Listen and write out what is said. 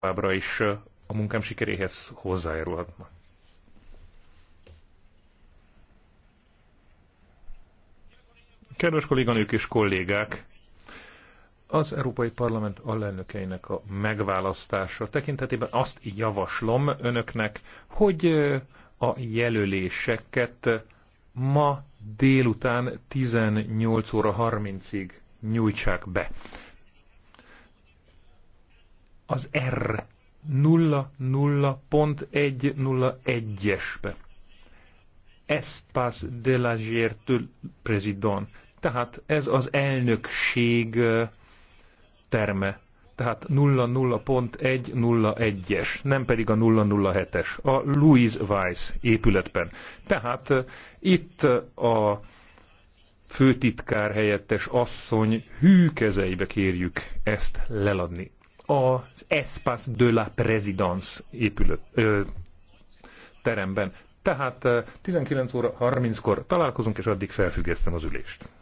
továbbra is a munkám sikeréhez hozzájárulhatnak. Kedves kolléganők és kollégák, az Európai Parlament alelnökeinek a megválasztása tekintetében azt javaslom önöknek, hogy a jelöléseket ma délután 18 óra 30-ig nyújtsák be az R 00.101-esbe. Espace de la gertől président. Tehát ez az elnökség terme. Tehát 00.101-es, nem pedig a 007-es, a Louis Weiss épületben. Tehát itt a főtitkár helyettes asszony hű kezeibe kérjük ezt leladni az Espace de la Présidence épülő ö, teremben. Tehát 19 óra 30-kor találkozunk, és addig felfüggesztem az ülést.